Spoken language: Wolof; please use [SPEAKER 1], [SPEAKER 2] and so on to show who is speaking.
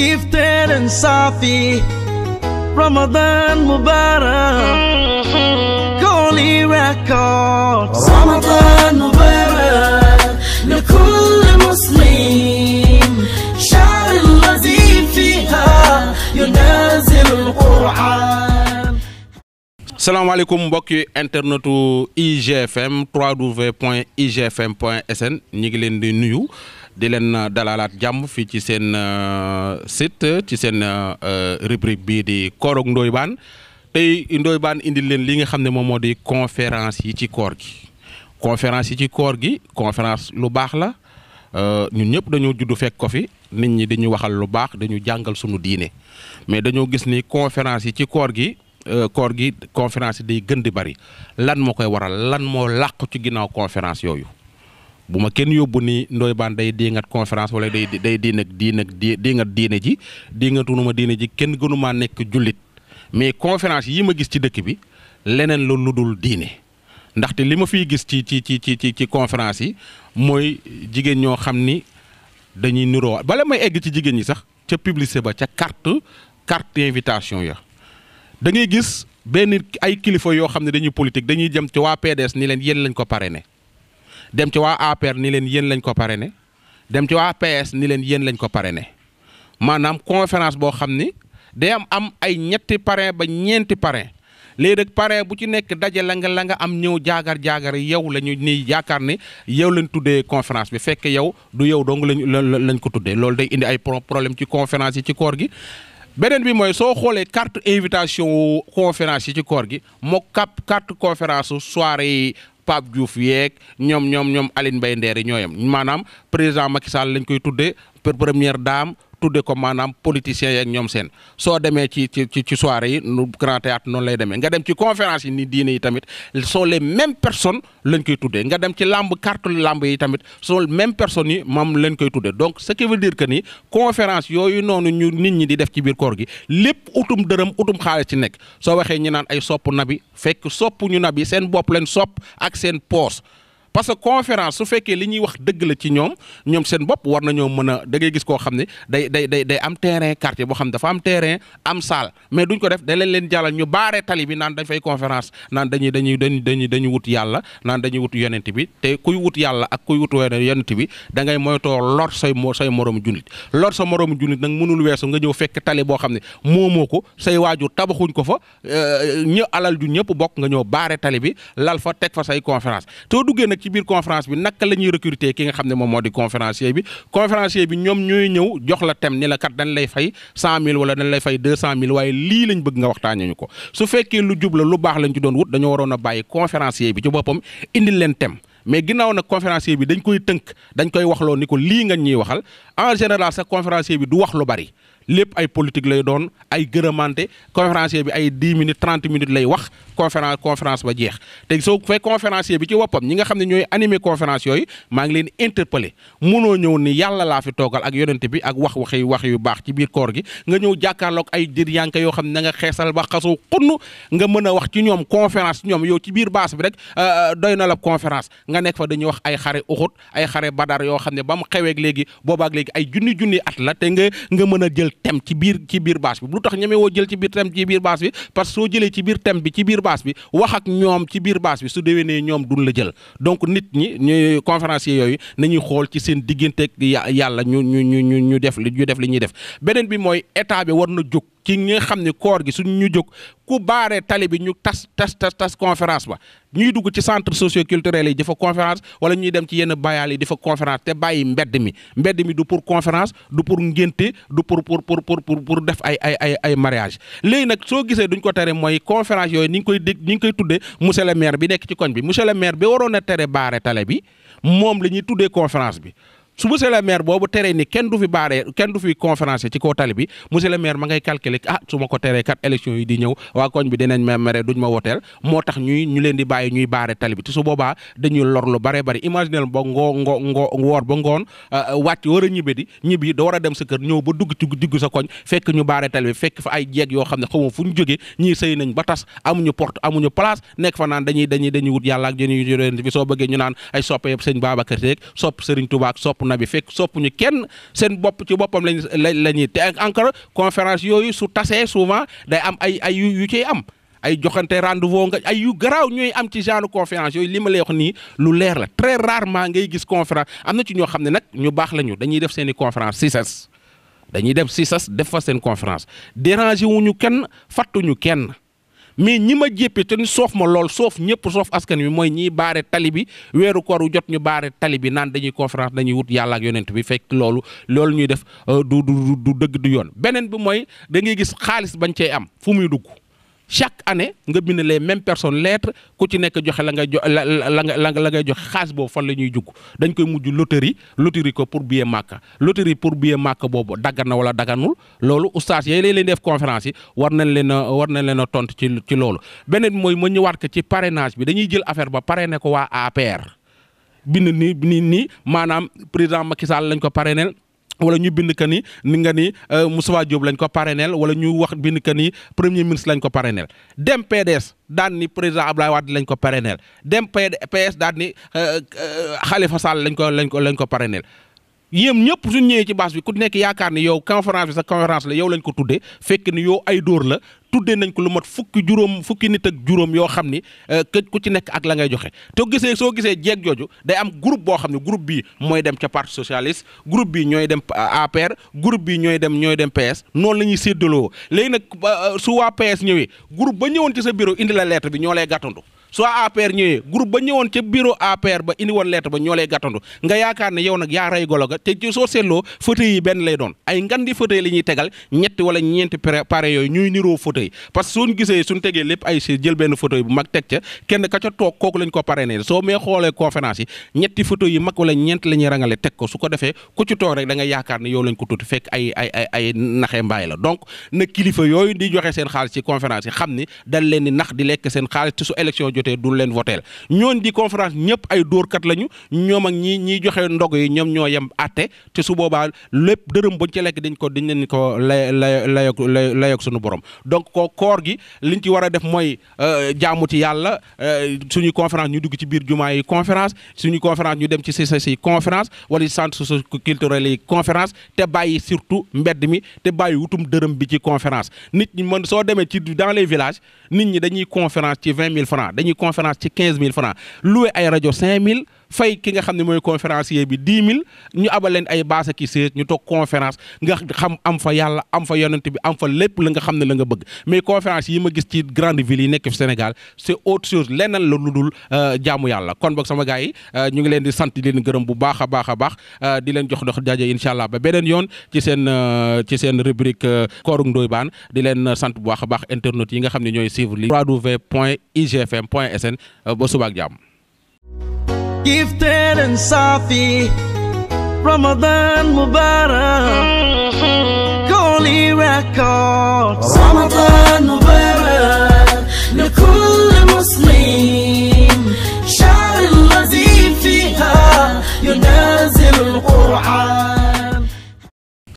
[SPEAKER 1] gifted and Safi. Ramadan Mubarak. Holy Records. Ramadan Mubarak. لكل مسلم شعر الذي فيها ينازل القرآن mbokki internetu IGFM www.igfm.sn ñu ngi leen di nuyu. di leen euh, dalalaat jàmm fii ci seen euh, site ci seen euh, rubrique bii di koor ak Ndoye Bane tey Ndoye Bane leen li nga xam ne moom moo di conférence yi ci koor gi conférence yi ci koor gi conférence lu baax la ñun ñëpp dañoo juddu fekk ko fi nit ñi dañu waxal lu baax dañu jàngal sunu diine mais dañoo gis ni conférence yi ci koor gi koor gi conférence yi day gën di bari lan moo koy waral lan moo làqu ci ginnaaw conférence yooyu bu ma kenn yóbbu ni Ndoye Bane day diingat conférence wala day day diinag ak diin di diingat diine ji diingatunu ma diine ji kenn gënumaa nekk jullit mais conférence yi ma gis ci dëkk bi leneen la lu dul diine ndaxte li ma fiy gis ci ci ci ci ci conférence yi mooy jigéen ñoo xam ni dañuy niroo bala may egg ci jigéen ñi sax ca publicité ba ca carte carte invitation ya dangay ngay gis benn ay kilifa yoo xam ne dañuy politique dañuy jëm ci waa PDS ni leen yéen lañ ko parrainé dem ci waa APR ni leen yéen lañ ko pare ne dem ci waa PS ni leen yéen lañ ko ne maanaam conférence boo xam ni day am am ay ñetti parrain ba ñeenti parrain léegi nag pare bu ci nekk daje la nga la nga am ñëw jaagar jaagar yow la ñu nii yaakaar ni yow lañ tuddee conférence bi fekke yow du yow dong lañ lañ ko tuddee loolu day indi ay problème ci conférence yi ci koor gi. beneen bi mooy soo xoolee carte invitation conférence yi ci koor gi moo cap carte conférence soirée Pape Diouf yeeg ñoom ñoom ñoom Aline Mbaye Ndeeri ñooyam maanaam président Macky Sall lañ koy tuddee première dame tudde ko maanaam politiciens yeeg ñoom seen soo demee ci ci ci soirée yi nu grand théâtre noonu lay demee nga dem ci conférence yi ni diine yi tamit soo lee même personne lañ koy tuddee nga dem ci làmb carte làmb yi tamit sont même personne yi moom lañ koy tuddee donc ce qui veut dire que ni conférence yooyu noonu ñu nit ñi di def ci biir koor gi lépp utum dërëm utum xaalis ci nekk soo waxee ñi naan ay sopp nabi fekk sopp ñu nabi seen bopp leen sopp ak seen poos parce que conférence su fekkee li ñuy wax dëgg la ci ñoom ñoom seen bopp war nañoo mën a dangay gis koo xam ne day day day day am terrain quartier boo xam ne dafa am terrain am salle mais duñ ko def da leen leen jàllal ñu baaree tali bi naan dañ fay conférence naan dañuy dañuy dañuy dañuy wut yàlla naan dañuy wut yonent bi te kuy wut yàlla ak kuy wut yonent bi da ngay moytoo lor say say moromu jullit lor sa moromu junit nag mënul weesu nga ñëw fekk tali boo xam ne moomoo ko say waajur tabaxuñ ko fa euh, ñu alal ju ñëpp bokk nga ñëw baare tali bi lal fa teg fa say conférence ci biir conférence bi naka la ñuy recruter ki nga xam ne moom moo di conférencier bi conférencier bi ñoom ñooy ñëw jox la tem ni la kat dañ lay fay cent mille wala dañ lay fay deux cent mille waaye lii lañ bëgg nga waxtaanee ñu ko su fekkee lu jub lu baax lañ doon wut dañoo waroon a bàyyi conférencier bi ci boppam indil leen tem mais ginnaaw nag conférencier bi dañ koy tënk dañ koy wax loo ni ko lii nga ñuy waxal en général sax conférencier bi du wax lu bari lépp ay politique lay doon ay gërëmante conférencier bi ay 10 minutes 30 minutes lay wax conférence conférence ba jeex te soo fekk conférencier bi ci woppam ñi nga xam ne ñooy animé conférence yooyu maa ngi leen interpellé ñëw ni yàlla laa fi toogal ak yonente bi ak wax waxi wax yu baax ci biir koor gi nga ñëw jàkkaarloog ay diryanke yoo xam ne na nga xeesal ba xasu xunn nga mën a wax ci ñoom conférence ñoom yow ci biir baas bi rek euh, euh, doy na la conférence nga nekk fa dañuy wax ay xare uxut ay xare badar yoo xam ne ba mu xeweeg léegi boobaak léegi ay junni junni at la te nga nga mën a jël tem ci biir ci biir bâche bi bu tax ñeme woo jël ci biir tem ci biir bâche bi parce que soo jëlee ci biir tem bi ci biir bâche bi wax ak ñoom ci biir bâche bi su ne ñoom duñ la jël donc nit ñi ñu conférenciers yooyu nañuy xool ci seen diggante ak yàlla ñu ñu ñu ñu def li ñu def li ñuy def beneen bi mooy état bi war na jóg ci ñi nga xam ne koor gi suñu ñu jóg ku baare tali bi ñu tas tas tas tas conférence ba ñuy dugg ci centre socio culturel yi di fa conférence wala ñuy dem ci yenn bayaal yi di fa conférence te bàyyi mbedd mi mbedd mi du pour conférence du pour ngénte du pour pour pour pour pour def ay ay ay ay mariage léegi nag soo gisee duñ ko tere mooy conférence yooyu ni ngi koy dégg ni ngi koy tuddee monsieur le maire bi nekk ci koñ bi monsieur le maire bi waroon a tere baare tali bi moom la ñuy tuddee conférence bi su monsieur le maire boobu teree ni kenn du fi baare kenn du fi conférence ci kaw tali bi monsieur le maire ma ngay calculer ah su ma ko teree kat élection yi di ñëw waa koñ bi dinañ ma mere duñ ma woteel moo tax ñuy ñu leen di bàyyi ñuy baare tali bi su boobaa dañuy lor lu bare bari imaginer ba ngoo ngoo woor ba ngoon euh, euh, wàcc war a ñibbe di ñibbi da war a dem sa kër ñëw ba dugg ci digg sa koñ fekk ñu baare tali fekk fa ay jeeg yoo xam ne xamoo fu ñu jógee ñii sëy nañ ba tas amuñu porte amuñu place nekk fa naan dañuy dañuy dañuy wut yàlla ak jënñu joreen soo bëggee ñu naan ay soppe yëpp sëñ Babacar Seck sopp Sëriñ nabi fekk soppuñu kenn seen bopp ci boppam lañ la ñuy te encore conférence yooyu su tasee souvent day am ay ay yu ciy am ay joxante rendez-vous nga ay yu garaaw ñooy am ci genre conférence yooyu li ma lay wax nii lu leer la très rarement ngay gis conférence am na ci ñoo xam ne nag ñu baax la ñu dañuy def seen i conférence si ses dañuy def si ses def seen conférence déranger wuñu kenn fattuñu kenn mais ñi ma jéppi te ñu soof ma lool soof ñëpp soof askan wi mooy ñii baare tali bi weeru koor wu jot ñu baare tali bi naan dañuy conférence dañuy wut yàlla ak yonent bi fekk loolu loolu ñuy def euh, du du dëgg du yoon beneen bi mooy da ngay gis xaalis bañ cey am fu muy dugg chaque année nga bind les même personnes lettres ku ci nekk joxe la ngay jo la la la ngay joxe xaalis boobu fan la ñuy jug dañ koy mujj loterie loterie ko pour billet màkka loterie pour billet màkka boobu daggan na wala dagganul loolu oustaz yooyu lay leen def conférence yi war nañ leen a war nañ leen a tontu ci ci loolu. beneen mooy ma ñëwaat ko ci parrainage bi dañuy jël affaire ba parrainé ko waa APR bind ni nii nii maanaam président Macky Sall lañ ko parrainé. wala ñu bind ka ni ni nga ni euh, Moussa Diop lañ ko parrainel wala ñu wax bind ka ni premier ministre lañ ko parrainel dem PDS daan ni président Ablaye Wade lañ ko parrainel dem PS daan ni euh, euh, Khalifa Sall lañ ko lañ ko lañ ko parrainel yéem ñëpp suñ ñëwee ci baas bi ku nekk yaakaar ni yow conférence bi sa conférence la yow lañ ko tuddee fekk ni yow ay dóor la tuddee nañ ko lu mat fukki juróom fukki nit ak juróom yoo xam ni euh, ku ci nekk ak la ngay joxe te gisee soo gisee jeeg jooju day am groupe boo xam ne groupe bii mooy dem ca parti socialiste groupe bi ñooy dem euh, APR group bii ñooy dem ñooy dem PS noonu la ñuy séddaloo léegi nag euh, su waa PS ñëwee groupe ba ñëwoon ci sa bureau indi la lettre bi ñoo lay gàttandu soo APR ñëwee groupe ba ñëwoon ca bureau APR ba indi woon ba ñoo lay gàttandu nga yaakaar ne yow nag yaa rey golo ga te ci soo seetloo fauteuil yi benn lay doon ay ngandi di fauteuil li ñuy tegal ñetti wala ñeenti pare yooyu ñuy niroo fauteuil parce que suñu gisee suñu tegee lépp ay si jël benn fauteuil bu mag teg ca kenn ka ca toog kooku lañ ko pare ne soo mee xoolee conférence yi ñetti fauteuil yu mag wala ñeent la ñuy rangale teg ko su ko defee ku ci toog rek da nga yaakaar ne yow lañ ko tuuti fekk ay ay ay la donc kilifa yooyu di joxe seen xaalis ci conférence xam ni dañ leen di nax di lekk seen xaalis te su élection jotee du leen voteel ñooñ di conférence ñëpp ay dóorkat lañu ñoom ak ñi ñiy joxe ndog yi ñoom ñoo yem àtte te su boobaa lépp dërëm buñ ci lekk dañ ko dañ leen ko lay lay layoog layoog suñu borom donc ko koor gi liñ ci war a def mooy euh, jaamu ci yàlla euh, suñu conférence ñu dugg ci biir jumaa yi conférence suñu conférence ñu dem ci CCC yi conférence wala centre socioculturel yi conférence te bàyyi surtout mbedd mi te bàyyi wutum dërëm bi ci conférence nit ñi mën soo demee ci dans les villages nit ñi dañuy conférence ci vingt mille francs dañuy conférence ci quinze mille francs loué ay rajo cinq mille fay ki nga xam ne mooy conférencier bi dix mille ñu leen ay baas ñu toog conférence nga xam am fa yàlla am fa yonent bi am fa lépp la nga xam ne la nga bëgg mais conférence yi ma gis ci grande ville yi nekk fi Sénégal c'est autre chose leneen la lu dul euh, jaamu yàlla kon boog sama gars yi euh, ñu ngi leen di sant di leen gërëm bu baax a baax a baax euh, di leen jox dox daje incha allah ba beneen yoon ci seen ci seen rubrique Kooru Ndoye Bane di leen sant bu baax a baax internautes yi nga xam ne ñooy suivre li www.igfm.sn euh, ba suba ak jàmm Gifted and Safi Ramadan Mubarak Golly Records